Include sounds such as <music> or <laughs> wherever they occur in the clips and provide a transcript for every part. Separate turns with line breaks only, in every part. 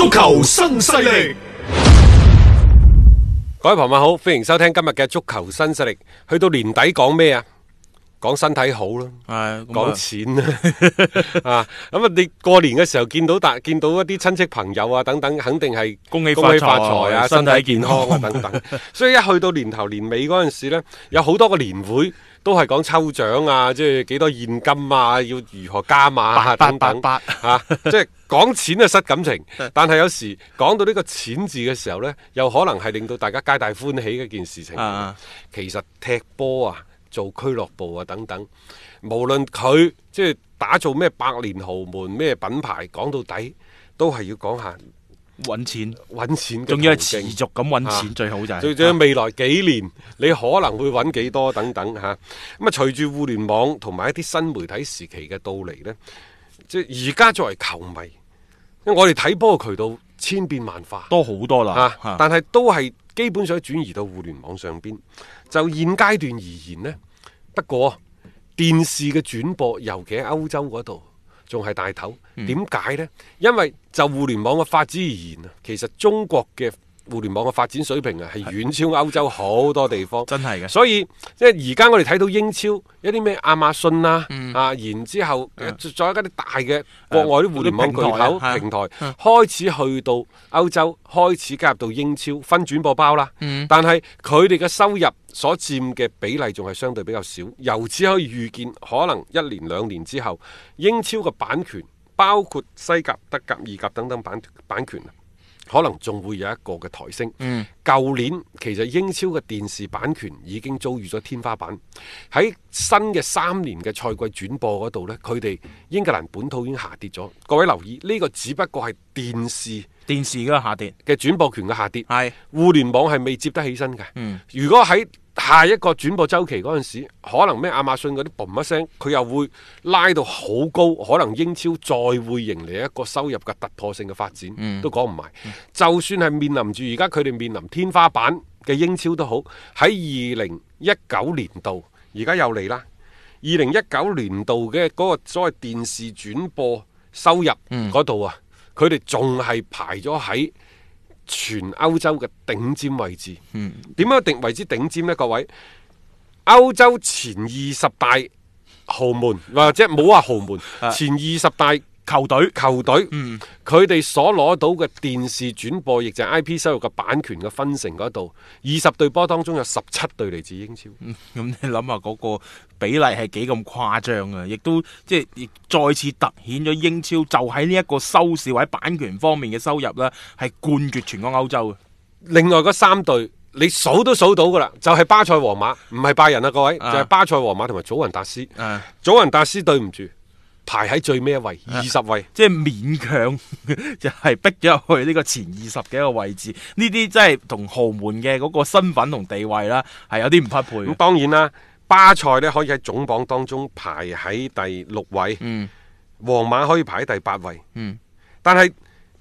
足球新勢力，各位朋友好，歡迎收聽今日嘅足球新勢力。去到年底講咩啊？講身體好咯，講錢啊。咁啊，你過年嘅時候見到大見到一啲親戚朋友啊等等，肯定係恭喜恭喜發財啊，身體健康啊等等。所以一去到年頭年尾嗰陣時呢，有好多個年會。都係講抽獎啊，即係幾多現金啊，要如何加碼、啊、等等吓、啊，即係講錢就失感情， <laughs> 但係有時講到呢個錢字嘅時候呢，又可能係令到大家皆大歡喜嘅件事情。啊啊其實踢波啊，做俱樂部啊等等，無論佢即係打造咩百年豪門咩品牌，講到底都係要講下。搵錢，搵錢，仲要係持續咁搵錢、啊、最好就係、是，啊、最最未來幾年 <laughs> 你可能會搵幾多等等吓。咁啊，隨、嗯、住互聯網同埋一啲新媒體時期嘅到嚟呢，即係而家作為球迷，因為我哋睇波嘅渠道千變萬化，多好多啦。吓、啊，啊、但係都係基本上轉移到互聯網上邊。就現階段而言呢，不過電視嘅轉播尤其喺歐洲嗰度。仲係大頭，點解呢？因為就互聯網嘅發展而言啊，其實中國嘅。互聯網嘅發展水平啊，係遠超歐洲好多地方，真係嘅。所以，即係而家我哋睇到英超一啲咩亞馬遜啦、啊，嗯、啊，然之後再有啲大嘅國外啲互聯網巨頭、呃、平台，開始去到歐洲，開始加入到英超分轉播包啦。嗯、但係佢哋嘅收入所佔嘅比例仲係相對比較少，由此可以預見，可能一年兩年之後，英超嘅版權包括西甲、德甲、意甲等等版權版權啊。可能仲會有一個嘅抬升。嗯，舊年其實英超嘅電視版權已經遭遇咗天花板。喺新嘅三年嘅賽季轉播嗰度呢，佢哋英格蘭本土已經下跌咗。各位留意，呢、這個只不過係電視電視嘅下跌嘅轉播權嘅下跌。係是互聯網係未接得起身嘅。嗯，如果喺下一個轉播周期嗰陣時，可能咩亞馬遜嗰啲嘣一聲，佢又會拉到好高，可能英超再會迎嚟一個收入嘅突破性嘅發展，嗯、都講唔埋。嗯、就算係面臨住而家佢哋面臨天花板嘅英超都好，喺二零一九年度，而家又嚟啦。二零一九年度嘅嗰個所謂電視轉播收入嗰度啊，佢哋仲係排咗喺。全歐洲嘅頂尖位置，嗯、點樣定為之頂尖咧？各位，歐洲前二十大豪門，或者冇話豪門， <laughs> 前二十大。球隊球隊，佢哋、嗯、所攞到嘅電視轉播，亦就係 I P 收入嘅版權嘅分成嗰度，二十對波當中有十七對嚟自英超。咁、嗯嗯、你諗下嗰個
比例係幾咁誇張啊？亦都即係，亦再次突顯咗英超就喺呢一個收視或者版權方面嘅收入呢，係冠絕全個歐洲嘅。另外嗰
三隊你數都數到噶啦，就係、係、巴塞、皇馬，唔係拜仁啊，各位，啊、就係巴塞、皇馬同埋祖雲達斯。啊、祖雲達斯對唔住。排喺最尾一位，二十、啊、位，即係勉強 <laughs> 就係逼咗去呢個前二十嘅一個位置。呢啲真係同豪門嘅嗰個身份同地位啦，係有啲唔匹配。咁、嗯、當然啦，巴塞咧可以喺總榜當中排喺第六位，嗯，皇馬可以排喺第八位，嗯，但係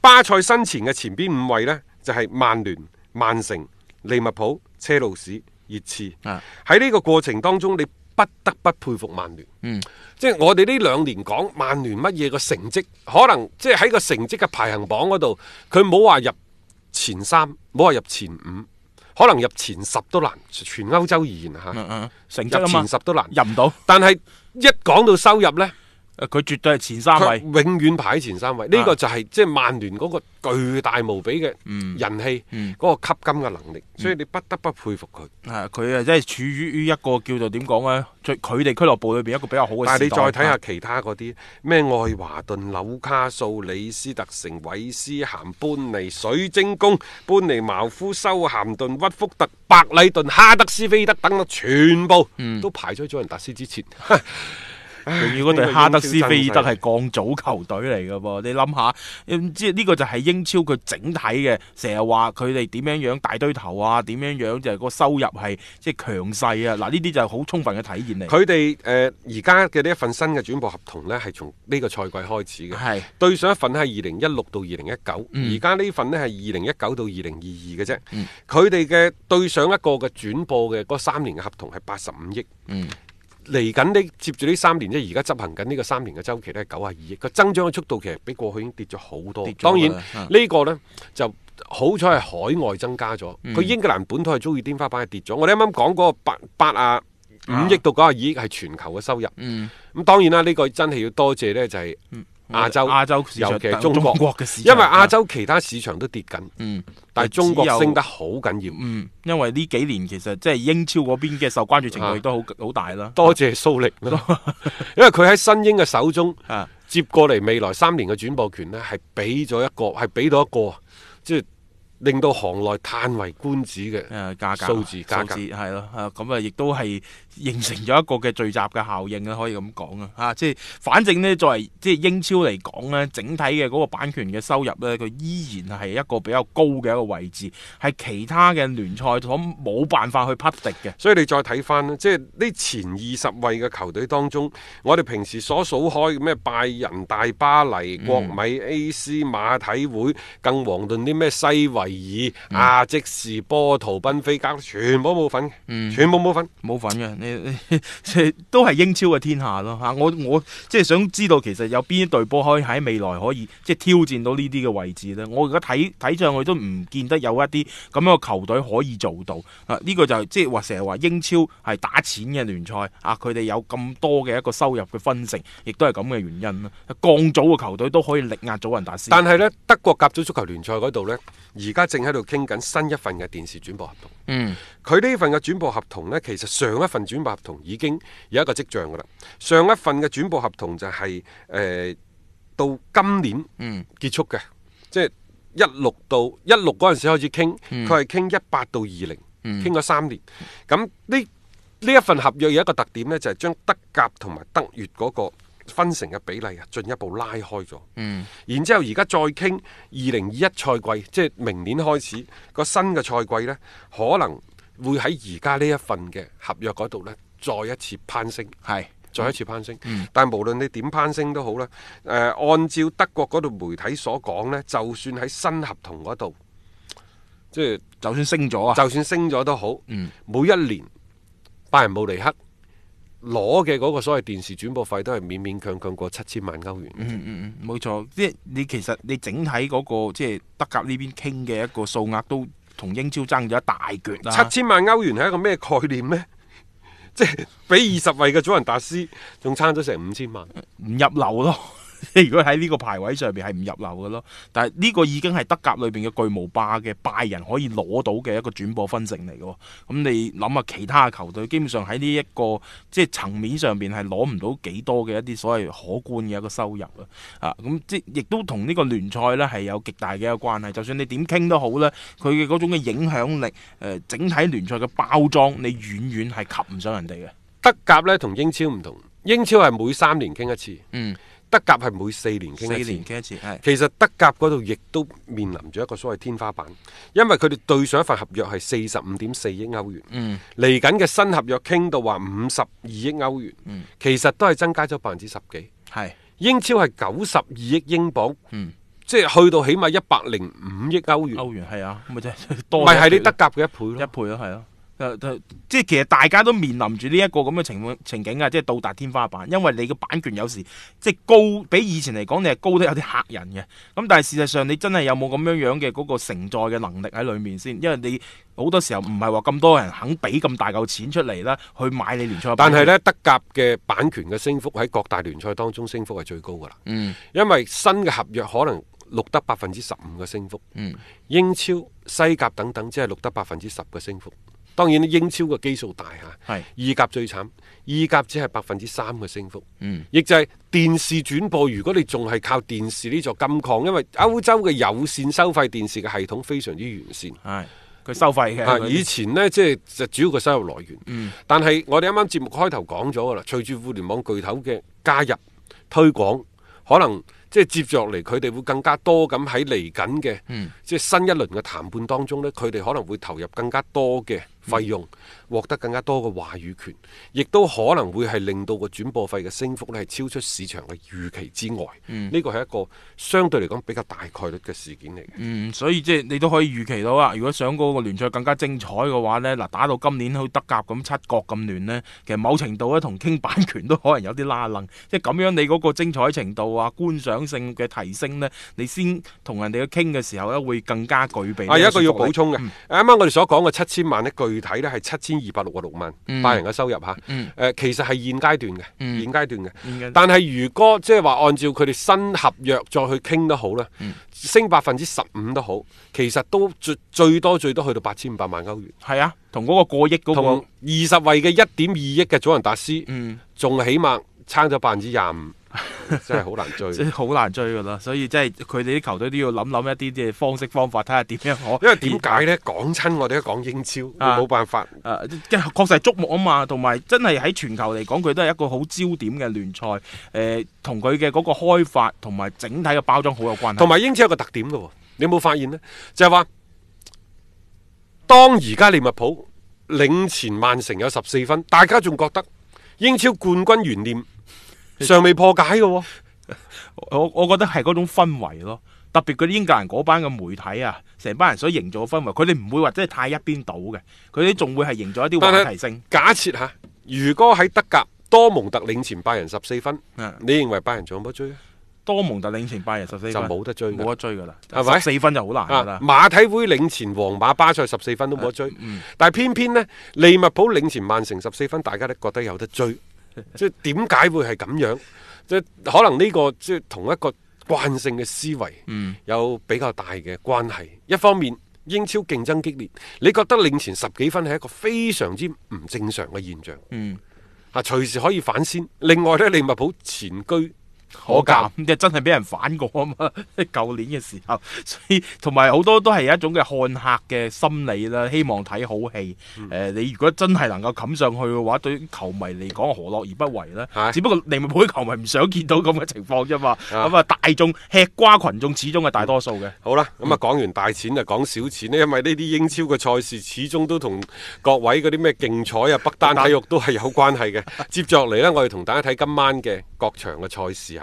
巴塞身前嘅前邊五位呢，就係、是、曼聯、曼城、利物浦、車路士、熱刺。喺呢、啊、個過程當中，你。不得不佩服曼聯，嗯、即係我哋呢兩年講曼聯乜嘢個成績，可能即係喺個成績嘅排行榜嗰度，佢冇話入前三，冇話入前五，可能入前十都難。全歐洲而言嚇，嗯嗯嗯、成績入前十都難，嗯、入唔到。但係一講到收入呢。佢絕對係前三位，永遠排喺前三位。呢、啊、個就係即係曼聯嗰個巨大無比嘅人氣，嗰、嗯嗯、個吸金嘅能力，嗯、所以你不得不佩服佢。佢啊，即係處於於一個叫做點講呢？佢哋俱樂部裏邊一個比較好嘅。但係你再睇下其他嗰啲咩愛華頓、紐卡素、李斯特城、韋斯咸、搬尼水晶宮、搬尼茅夫、修咸頓、屈福特、白禮頓、哈德斯菲德等等，全部都排咗喺祖雲達斯之前。嗯 <laughs> 仲要嗰隊哈德斯菲爾、啊這個、德係
降組球隊嚟噶噃，你諗下，你唔知呢個就係英超佢整體嘅，成日話佢哋點樣樣大堆頭啊，點樣樣就係、是、個收入係即係強勢啊，嗱呢啲就係好充分嘅體驗、呃、現嚟。佢哋
誒而家嘅呢一份新嘅轉播合同呢，係從呢個賽季開始嘅，係是對上一份係二零一六到二零一九，而家呢份呢係二零一九到二零二二嘅啫。佢哋嘅對上一個嘅轉播嘅嗰三年嘅合同係八十五億。嗯嚟緊呢，接住呢三年即係，而家執行緊呢個三年嘅周期都係九廿二億，個增長嘅速度其實比過去已經跌咗好多。了當然、啊、個呢個咧就好彩係海外增加咗，佢、嗯、英格蘭本土係遭遇天花板係跌咗。我哋啱啱講嗰個八八啊五億到九啊二億係全球嘅收入。咁、啊嗯、當然啦，呢、這個真係要多謝咧就係、是。嗯亞洲亞洲尤其係中國嘅市場，因為亞洲其他市場都跌緊，嗯，但係中國升得好緊要，嗯，因為呢幾年其實即係、就是、英超嗰邊嘅受關注程度亦都好好大啦。對多謝蘇力， <laughs> 因為佢喺新英嘅手中 <laughs> 接過嚟未來三年嘅轉播權呢係俾咗一個，係俾到一個，即係令到行內嘆為觀止嘅，誒，數字加價。係咯，咁啊，亦都係。價形成咗一個嘅聚
集嘅效應啦，可以咁講啊！吓，即係反正咧，作為即係英超嚟講咧，整體嘅嗰個版權嘅收入咧，佢依然係一個比較高嘅一個位置，係其他
嘅聯賽所冇辦法去匹敵嘅。所以你再睇翻咧，即係啲前二十位嘅球隊當中，我哋平時所數開咩拜仁、大巴黎、國米、A.C. 馬體會，嗯、更遑論啲咩西維爾、嗯、啊即是波圖、賓菲加全部冇份，全部冇份，冇份嘅。
<laughs> 都係英超嘅天下咯吓，我我即係想知道，其實有邊一隊波可以喺未來可以即係挑戰到呢啲嘅位置呢？我而家睇睇上去都唔見得有一啲咁樣嘅球隊可以做到啊！呢、呢個就係、是、即係話成日話英超係打錢嘅聯賽啊，佢哋有咁多嘅一個收入嘅分成，亦都係咁嘅原因啦。降組嘅球隊都可以力壓
祖雲達斯，但係呢，德國甲組足球聯賽嗰度呢，而家正喺度傾緊新一份嘅電視轉播合同。嗯，佢呢份嘅轉播合同呢，其實上一份轉轉播合同已經有一個跡象噶啦，上一份嘅轉播合同就係、是、誒、呃、到今年嗯結束嘅，嗯、即係一六到一六嗰陣時開始傾，佢係傾一八到二零、嗯，傾咗三年。咁呢呢一份合約有一個特點呢，就係、是、將德甲同埋德乙嗰個分成嘅比例啊，進一步拉開咗。嗯，然之後而家再傾二零二一賽季，即係明年開始個新嘅賽季呢，可能。會喺而家呢一份嘅合約嗰度咧，再一次攀升，係，再一次攀升。但係無論你點攀升都好啦，誒，按照德國嗰度媒體所講咧，就算喺新合同嗰度，即係就算升咗啊，就算升咗都好。嗯，每一年拜仁慕尼黑攞嘅嗰個所謂電視轉播費都係勉勉強強過七千萬歐元。嗯嗯嗯，冇錯。即係
你其實你整體嗰個即係德甲呢邊傾嘅一個數額都。同英超爭咗
一大橛啦！啊、七千萬歐元係一個咩概念呢？ <laughs> 即係比二十位嘅祖雲達斯仲差咗成五千萬，唔入流咯～如果喺呢個排位上邊係
唔入流嘅咯，但係呢個已經係德甲裏邊嘅巨無霸嘅拜仁可以攞到嘅一個轉播分成嚟嘅。咁你諗下其他球隊，基本上喺呢一個即係層面上邊係攞唔到幾多嘅一啲所謂可觀嘅一個收入啊。啊，咁即亦都同呢個聯賽呢係有極大嘅一個關係。就算你點傾都好啦，佢嘅嗰種嘅影響力誒、呃，整體聯賽嘅包裝，你遠遠係及唔上人哋嘅。德甲呢同英
超唔同，英超係每三年傾一次，嗯。德甲係每四年傾一次，一次，其實德甲嗰度亦都面臨咗一個所謂天花板，因為佢哋對上一份合約係四十五點四億歐元，嗯，嚟緊嘅新合約傾到話五十二億歐元，嗯，其實都係增加咗百分之十幾，係是英超係九十二億英鎊，嗯，即係去到起碼一百零五億歐元，歐元係啊，
咪即係多，咪係你德甲嘅一倍咯，一倍咯，係啊。即係其實大家都面臨住呢一個咁嘅情況情景啊！即係到達天花板，因為你嘅版權有時即係高，比以前嚟講你係高得有啲嚇人嘅。咁但係事實上你真係有冇咁樣樣嘅嗰個承載嘅能力喺裏面先？因為你好多時候唔係話咁多人肯俾咁大嚿錢出嚟啦，去買你聯賽。但係呢，德
甲嘅版權嘅升幅喺各大聯賽當中升幅係最高㗎啦。嗯，因為新嘅合約可能錄得百分之十五嘅升幅。嗯，英超、西甲等等只錄，只係錄得百分之十嘅升幅。當然，英超嘅基數大嚇，意是甲最慘，意甲只係百分之三嘅升幅，嗯，亦就係電視轉播。如果你仲係靠電視呢座金礦，因為歐洲嘅有線收費電視嘅系統非常之完善，係佢收費
嘅。以前
呢，即係就主要嘅收入來源，嗯，但係我哋啱啱節目開頭講咗噶啦，隨住互聯網巨頭嘅加入推廣，可能即係接落嚟佢哋會更加多咁喺嚟緊嘅，即係，嗯，新一輪嘅談判當中呢，佢哋可能會投入更加多嘅。嗯、費用獲得更加多嘅話語權，亦都可能會係令到個轉播費嘅升幅咧，係超出市場嘅預期之外。呢個係一個相對嚟講比較大概率嘅事件嚟嘅。
嗯，所以即係你都可以預期到啊。如果想嗰個聯賽更加精彩嘅話呢，嗱打到今年好似德甲咁七國咁亂呢，其實某程度咧同傾版權都可能有啲拉楞。即係咁樣你嗰個精彩程度啊、觀賞性嘅提升呢，
你先同人哋去傾嘅時候咧，會更加具備。係、啊、一個要補充嘅。啱啱、嗯、我哋所講嘅七千萬一句。具體咧係七千二百六十六萬，八人嘅收入吓。誒、嗯，其實係現階段嘅，嗯、現階段嘅。段但係如果即係話按照佢哋新合約再去傾都好咧，嗯、升百分之十五都好，其實都最最多最多去到八千五百萬歐元。係啊，同嗰個過億嗰、那個二十位嘅一點二億嘅祖雲達斯，仲、嗯、起碼差咗百分之廿五。 <laughs> 真係好難追， <laughs> 真係好難追噶啦，所以真係佢哋啲球隊都要諗諗一啲啲方式方法，睇下點樣可。因為點解呢？講親 <laughs> 我哋都講
英超，冇、啊、辦法。誒、啊，確、啊、實係矚目啊嘛，同埋真係喺全球嚟講，佢都係一個好焦點嘅聯賽。誒、呃，同佢嘅嗰個開發同埋整體嘅包裝好有
關係。同埋英超有個特點噶，你有冇發現呢？就係話，當而家利物浦領前曼城有十四分，大家仲覺得英超冠軍懸念？尚未破解嘅、哦， <laughs> 我我覺得係嗰種氛圍
咯，特別嗰啲英格蘭嗰班嘅媒體啊，成班人所營造嘅氛圍，佢哋唔會話真係太一邊
倒嘅，佢哋仲會係營造一啲話題性。假設吓、啊，如果喺德甲多蒙特領前拜仁十四分，你認為拜仁仲有冇得追？多蒙特領前拜仁十四分就冇得追，冇得追噶啦，係咪？四分就好難噶啦。馬體會領前皇馬、巴塞十四分都冇得追，啊嗯、但係偏偏呢，利物浦領前曼城十四分，大家都覺得有得追。 <laughs> 即係點解會係咁樣？即可能呢個即係同一個慣性嘅思維，有比較大嘅關係。嗯、一方面英超競爭激烈，你覺得領前十幾分係一個非常之唔正常嘅現象。嗯，啊隨時可以反先。另外呢，利物浦前居。可見即真係俾
人反過啊嘛，舊年嘅時候，所以同埋好多都係一種嘅看客嘅心理啦，希望睇好戲。誒、嗯呃，你如果真係能夠冚上去嘅話，對球迷嚟講何樂而不為呢？的只不過利物浦啲球迷唔想見到咁嘅情況啫嘛。咁啊的，大眾吃瓜群眾始終係大多數嘅，嗯。
好啦，咁、嗯、啊，講完大錢就講小錢咧，因為呢啲英超嘅賽事始終都同各位嗰啲咩競彩啊、北單、體育都係有關係嘅。但接着落嚟呢，我哋同大家睇今晚嘅各場嘅賽事